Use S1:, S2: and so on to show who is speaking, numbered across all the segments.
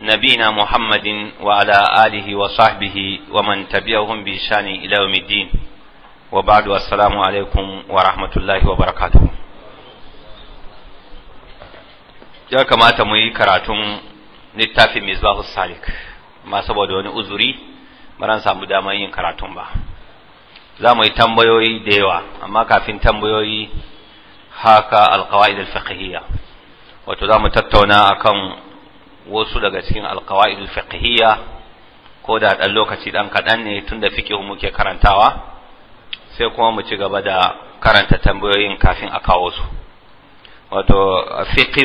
S1: نبينا محمد وعلى آله وصحبه ومن تبعهم بإحسان إلى يوم الدين وبعد السلام عليكم ورحمة الله وبركاته ya kamata mu yi karatun littafin misbahu salik ma saboda wani uzuri baran samu damar yin karatun ba za mu yi tambayoyi da yawa amma kafin tambayoyi haka alkawa'id alfiqhiyya wato za mu tattauna akan wasu daga cikin alqawaid alfiqhiyya ko da lokaci ɗan kaɗan ne tunda fiƙihu muke karantawa sai kuma mu ci gaba da karanta tambayoyin kafin a kawo su wato fiqh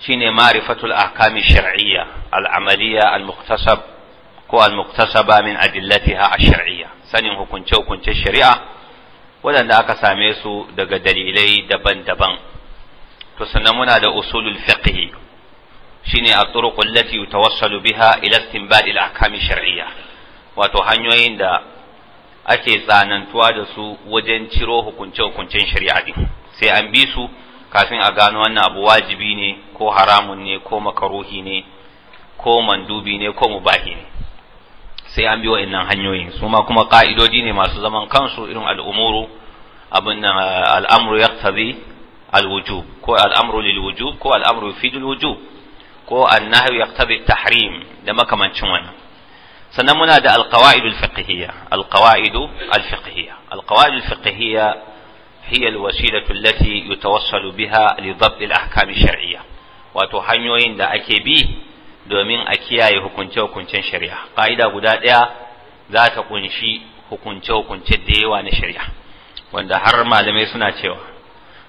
S1: shine ma'rifatul ahkami shar'iyya al'amaliyya al-mukhtasab ko al-muktasaba min adillatiha ash-shar'iyya sanin hukunce hukunce shari'a waɗanda aka same su daga dalilai daban-daban to sannan muna da usulul fiqh shine at-turuq allati yatawassalu biha ila istinbad al-ahkam shar'iyya wato hanyoyin da ake tsanantuwa da su wajen ciro hukunce hukuncen shari'a din sai an bi su kafin a gano wannan abu wajibi ne ko haramun ne ko makaruhi ne ko mandubi ne ko mubahi ne sai an bi wa'annan hanyoyin su ma kuma ka'idodi ne masu zaman kansu irin al'umuru abin nan al'amru yaqtabi al-wujub ko al'amru lil wujub ko al'amru fi wujub ko annahu yaqtabi tahrim da makamancin wannan sannan muna da alqawaid alfiqhiyya alqawaid alfiqhiyya alqawaid alfiqhiyya هي الوسيلة التي يتوصل بها لضبط wato hanyoyin da ake bi domin a kiyaye hukunce-hukuncen shari'a ƙa'ida guda ɗaya za ta kunshi hukunce-hukunce da yawa na shari'a wanda har malamai suna cewa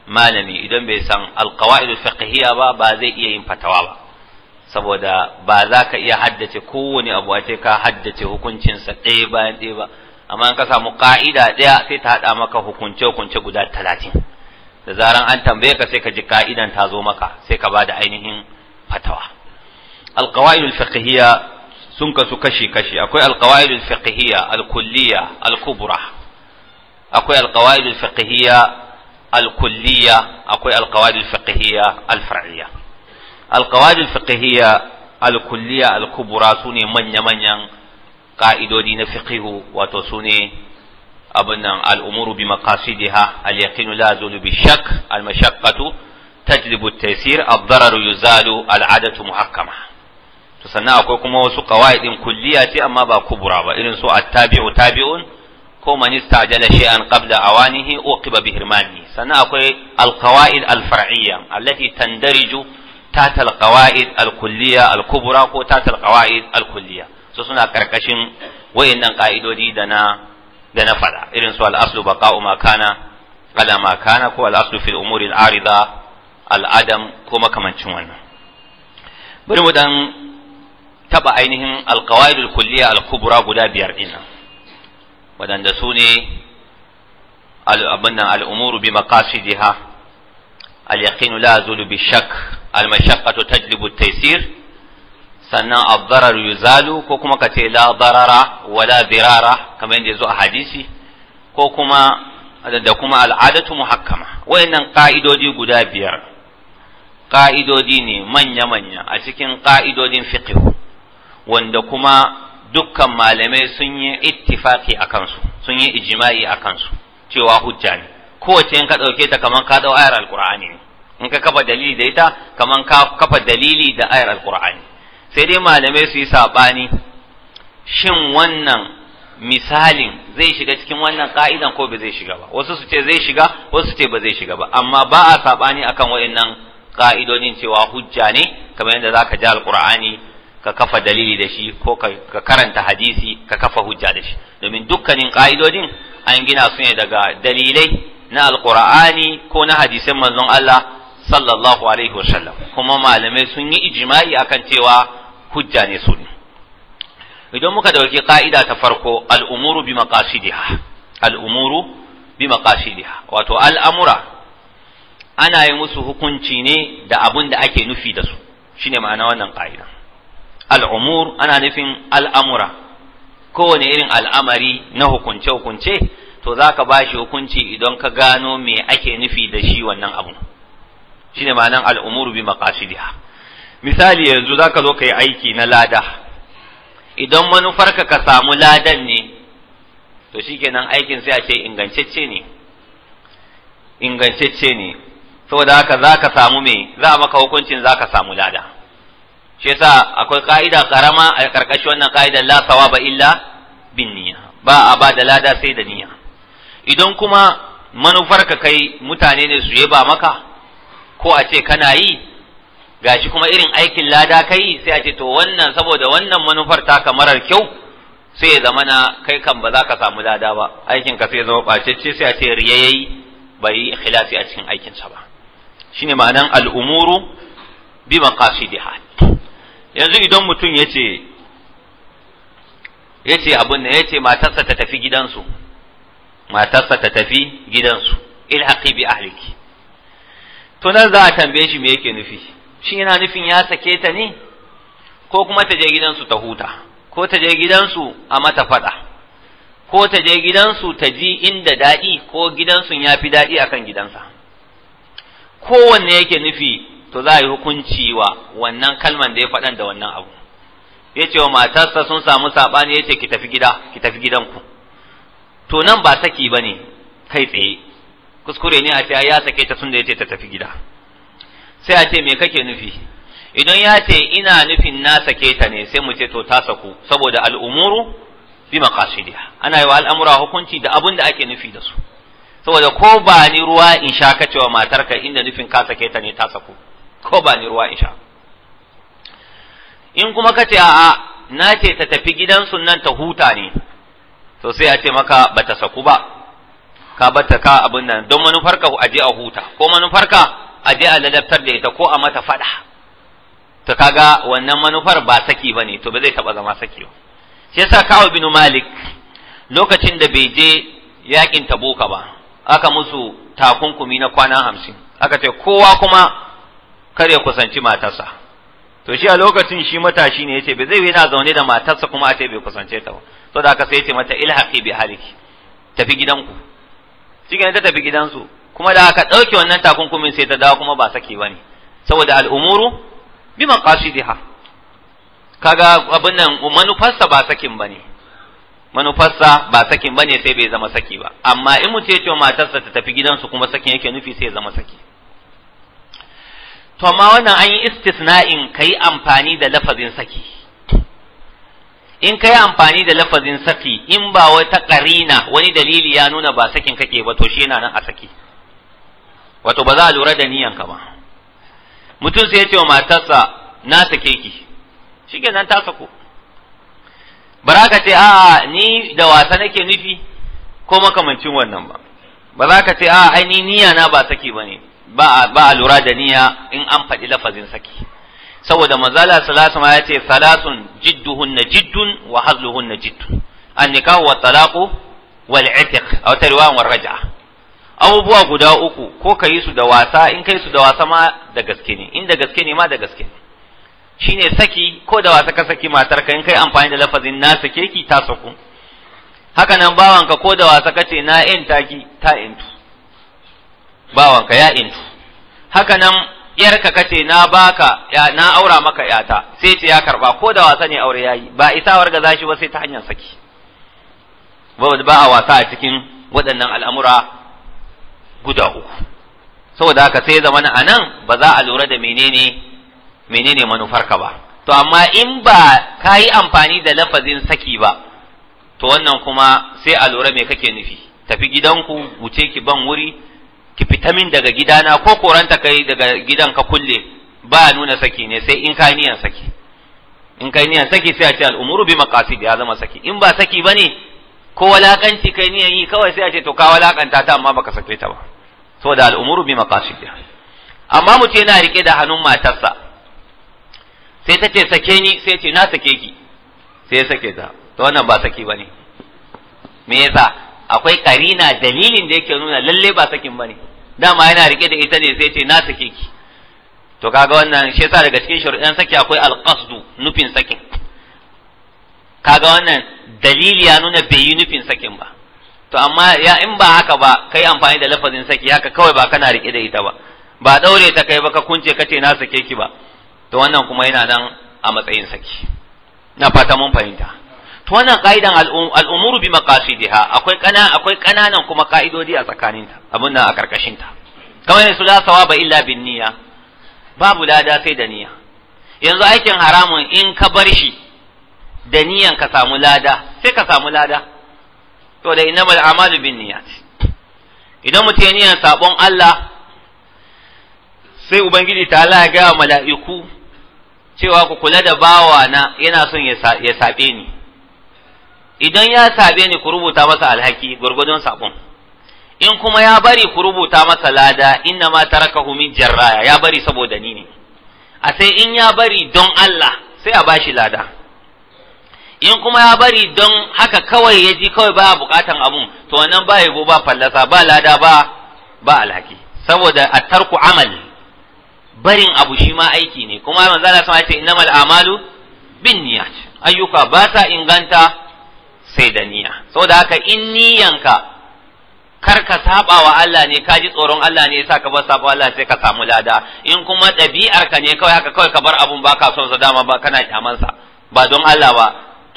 S1: malami idan bai san alƙawa'idul fiqhiyya ba ba zai iya yin fatawa ba saboda ba za ka iya haddace kowane abu a ce ka haddace hukuncinsa ɗaya bayan ɗaya ba amma in ka samu ka'ida ɗaya sai ta haɗa maka hukunce hukunce guda talatin da zaran an tambaye ka sai ka ji ka'idan ta zo maka sai ka ba da ainihin fatawa alqawaidul fiqhiyya sun kasu kashi kashi akwai alqawaidul fiqhiyya alkulliya alkubra akwai alqawaidul fiqhiyya alkulliya akwai alqawaidul fiqhiyya alfar'iyya alqawaidul fiqhiyya alkulliya alkubra sune manya-manyan ka'idodi na fiqhu wato sune abin nan al'umuru bi maqasidiha al-yaqinu la yazulu bi shakk al-mashaqqatu tajlibu at-taysir ad-dararu yuzalu al muhakkama to sannan akwai kuma wasu qawaidin kulliya ce amma ba kubra ba irin su a tabiu tabi'un ko man istajala shay'an qabla awanihi uqiba bi hirmani sannan akwai al-qawaid al-far'iyya allati tandariju تات القواعد الكلية الكبرى كو تات القواعد الكلية سوسنا كركشين وإن قائدو دي دنا دنا فدا إذن سؤال أصل بقاء ما كان على ما كان كو الأصل في الأمور العارضة الأدم كما كمان شوانا برمو تبع taba القواعد الكلية kulliya alkubra guda ودان دسوني الأمور بمقاصدها اليقين لا nan بالشك almashaqqatu tajlibu sannan ad-darar ko kuma ka ce la darara wala dirara kamar yadda zo a hadisi ko kuma da kuma al'adatu muhakkama wayannan ka'idodi guda biyar ka'idodi ne manya manya a cikin ka'idodin fiqh wanda kuma dukkan malamai sun yi ittifaqi a kansu sun yi ijma'i a kansu cewa hujja ne kowace in ka ɗauke ta kamar ka ɗau ayar alkur'ani ne in ka kafa dalili da ita kamar ka kafa dalili da ayar alkur'ani sai dai malamai su yi sabani shin wannan misalin zai shiga cikin wannan ka'idan ko ba zai shiga ba wasu su ce zai shiga wasu su ce ba zai shiga ba amma ba a sabani akan waɗannan ka'idodin cewa hujja ne kamar yadda zaka ji alkur'ani ka kafa dalili da shi ko ka karanta hadisi ka kafa hujja da shi domin dukkanin ka'idodin an gina su ne daga dalilai na alkur'ani ko na hadisin manzon Allah sallallahu alaihi wasallam kuma malamai sun yi ijma'i akan cewa hujja ne su idan muka dauki ka'ida ta farko al'umuru bi maqasidiha al'umuru bi maqasidiha wato al'amura ana yi musu hukunci ne da abun da ake nufi da su shine ma'ana wannan ka'ida al'umur ana nufin al'amura kowane irin al'amari na hukunce hukunce to zaka bashi hukunci idan ka gano me ake nufi da shi wannan abun shine ma'anan al'umuru bi maqasidiha misali yanzu za zaka zo yi aiki na lada idan manufarka ka samu ladan ne to shikenan aikin sai a ce ingantacce ne ingantacce ne saboda haka za ka samu me za a maka hukuncin za ka samu lada shi yasa akwai ka'ida karama a karkashin wannan ka'idar la sawaba illa bin niyya ba a ba da lada sai da niyya idan kuma manufarka kai mutane ne su yaba maka ko a ce kana yi gashi kuma irin aikin lada kai sai a ce to wannan saboda wannan manufar taka marar kyau sai ya zama na kai kan ba za ka samu lada ba aikin ka sai ya zama bacecce sai a ce riya yayi bai khilafi a cikin aikin sa ba shine ma'anan al'umuru bi maqasidiha yanzu idan mutum yace yace abin nan yace matarsa ta tafi gidansu matarsa ta tafi gidansu ilhaqi bi ahliki to nan za a tambaye shi me yake nufi shin yana nufin ya sake ta ne ko kuma ta je gidansu ta huta ko ta je gidansu a mata faɗa ko ta je gidansu ta ji inda daɗi ko gidansu ya fi daɗi akan gidansa kowanne yake nufi to za a yi hukunci wa wannan kalman da ya faɗan da wannan abu ya ce wa matarsa sun samu saɓani ya ce ki tafi gida ki tafi gidanku to nan ba saki ba ne kai tsaye kuskure ne a ce ya sake ta sun da ya ce ta tafi gida sai a ce me kake nufi idan ya ce ina nufin na sake ta ne sai mu ce to ta saku saboda al'umuru bi maqasidiha ana yi wa al'amura hukunci da abin da ake nufi da su saboda ko ba ni ruwa in sha ka cewa matarka inda nufin ka sake ta ne ta saku ko ba ni ruwa in sha in kuma ka ce a'a na ce ta tafi gidansu nan ta huta ne to sai a ce maka bata saku ba ka bata ka abin nan don manufarka a je a huta ko manufar ka aje a ladabtar da ita ko a mata fada to kaga wannan manufar ba saki bane to ba zai taba zama saki ba shi yasa kawo bin malik lokacin da bai je yakin tabuka ba aka musu takunkumi na kwana hamsin aka ce kowa kuma kar ya kusanci matarsa to shi a lokacin shi matashi ne yace ba zai yana zaune da matarsa kuma a ce bai kusance ta ba saboda aka sai yace mata ilhaqi bi haliki tafi gidanku shikenan ta tafi gidansu kuma da aka ɗauke wannan takunkumin sai ta dawo kuma ba sake bane saboda al'umuru bi maqasidiha kaga abin nan manufarsa ba sakin bane manufarsa ba sakin bane sai bai zama saki ba amma in mu ce cewa matarsa ta tafi gidansu kuma sakin yake nufi sai zama saki to amma wannan an yi istisna'in kai amfani da lafazin saki in ka yi amfani da lafazin saki in ba wata karina wani dalili ya nuna ba sakin kake ba to shi yana nan a saki wato ba za a lura da niyan ka ba mutum sai ya ce wa matarsa na sake ki ke nan ta sako baraka ce a ni da wasa nake nufi ko makamancin wannan ba ba za ka ce a ai ni niyana ba saki Ba ne ba a lura da niya in an faɗi lafazin saki saboda mazala salasa ma yace salasun jidduhun na jiddun wa na jiddun an-nikahu wa talaku wal itiq aw tarwa wa raj'a abubuwa guda uku ko ka yi su da wasa in kai su da wasa ma da gaske ne in da gaske ne ma da gaske ne shine saki ko da wasa ka saki matar ka in kai amfani da lafazin na sake ki ta saku haka nan ka ko da wasa kace na in taki ta intu ka ya intu haka nan yarka kace na baka ya na aura maka yata sai ce ya karba ko da wasa ne aure yayi ba isawar ga zashi ba sai ta hanyar saki ba ba a wasa a cikin waɗannan al'amura guda uku saboda haka sai zama a nan ba za a lura da menene menene ka ba to amma in ba ka amfani da lafazin saki ba to wannan kuma sai a lura me kake nufi tafi gidanku wuce ki ban wuri ki fita min daga gidana ko koranta kai daga gidan ka kulle ba nuna saki ne sai in kai niyan saki in kai niyan saki sai a ce al'umuru bi maqasid ya zama saki in ba saki bane ko walakanci kai niyan yi kawai sai a ce to ka walakanta ta amma baka sake ta ba saboda al'umuru bi maqasid amma mutum yana rike da hannun matarsa sai ta ce sake ni sai ce na sake ki sai ya sake ta to wannan ba saki bane me yasa akwai karina dalilin da yake nuna lalle ba sakin bane dama yana rike da ita ne sai ce na sake ki to kaga wannan shi yasa daga cikin shari'an saki akwai alqasdu nufin sakin kaga wannan dalili ya nuna bai yi nufin sakin ba to amma ya in ba haka ba kai amfani da lafazin saki haka kawai ba kana rike da ita ba ba daure ta kai ba ka kunce ka ce na sake ki ba to wannan kuma yana nan a matsayin saki na fata mun fahimta to wannan ka'idan al'umuru bi maqasidiha akwai kana akwai kananan kuma ka'idodi a tsakaninta abun nan a karkashin ta kamar su la sawaba illa bin niyya babu lada sai da niyya yanzu aikin haramun in ka bar shi da niyan ka samu lada sai ka samu lada to da innamal a'malu bin niyyat idan mutum ya niyan sabon Allah sai ubangiji ta Allah ya ga mala'iku cewa ku kula da bawa na yana son ya sabe ni idan ya sabe ni ku rubuta masa alhaki gurgudun sabon in kuma ya bari ku rubuta masa lada inna ma tarakahu min jarraya ya bari saboda ni ne a sai in ya bari don Allah sai a bashi lada in kuma ya bari don haka kawai ya ji kawai ba bukatan abun to wannan ba yabo ba fallasa ba lada ba ba alhaki saboda a tarku amal barin abu shi ma aiki ne kuma manzo Allah sama ya ce innamal amalu bin Niyat. ayyuka ba sa inganta sai da niyya saboda haka in niyyanka kar ka saba wa Allah ne ka ji tsoron Allah ne yasa ka bar saba Allah sai ka samu lada in kuma ɗabi'ar ka ne kawai haka kawai ka bar abun ba ka son sa dama ba kana kyaman sa ba don Allah ba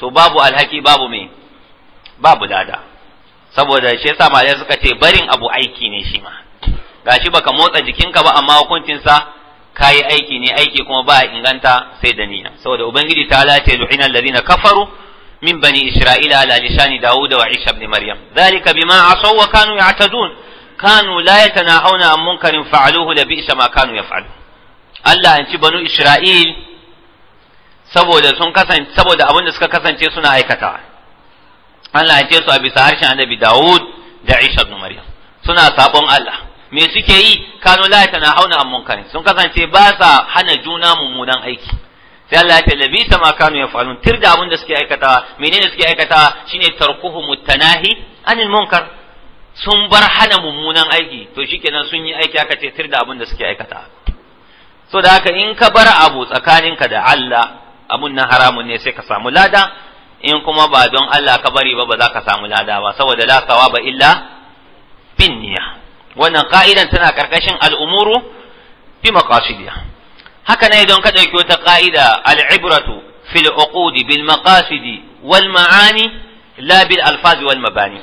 S1: to babu alhaki babu me babu lada saboda shi yasa malai suka ce barin abu aiki ne shi ma gashi baka motsa jikinka ba amma hukuncin sa kayi aiki ne aiki kuma ba inganta sai da niyya saboda ubangiji ta lace duhinal ladina kafaru من بني إسرائيل على لسان داود وعيسى بن مريم ذلك بما عصوا وكانوا يعتدون كانوا لا يتناهون عن منكر فعلوه لبئس ما كانوا يفعلون الله أنت بنو إسرائيل سبود سون كسان سبود أبون دسك كسان تيسونا أي كتاع ألا أنت يسوا بسهرش عند بداود دعيسى بن مريم سنة سابون الله me suke yi kanu la ta na hauna amman kare sun kasance ba sa hana juna mummunan aiki sai Allah ya ce labisa ma kanu yafalun tir da abin da suke aikata, menene suke aikata shine tarkuhu mutanahi anil munkar sun bar hana mummunan aiki to shikenan sun yi aiki aka ce tir da abin da suke aikata. so da haka in ka bar abu tsakaninka da Allah abun nan haramun ne sai ka samu lada in kuma ba don Allah ka bari ba ba za ka samu lada ba saboda la ba illa binniya wannan ka'idan tana karkashin al'umuru bi maqasidiya haka ne idan ka ɗauki wata ƙa'ida al'ibratu fil uqudi bil maqasidi wal ma'ani la bil alfazi wal mabani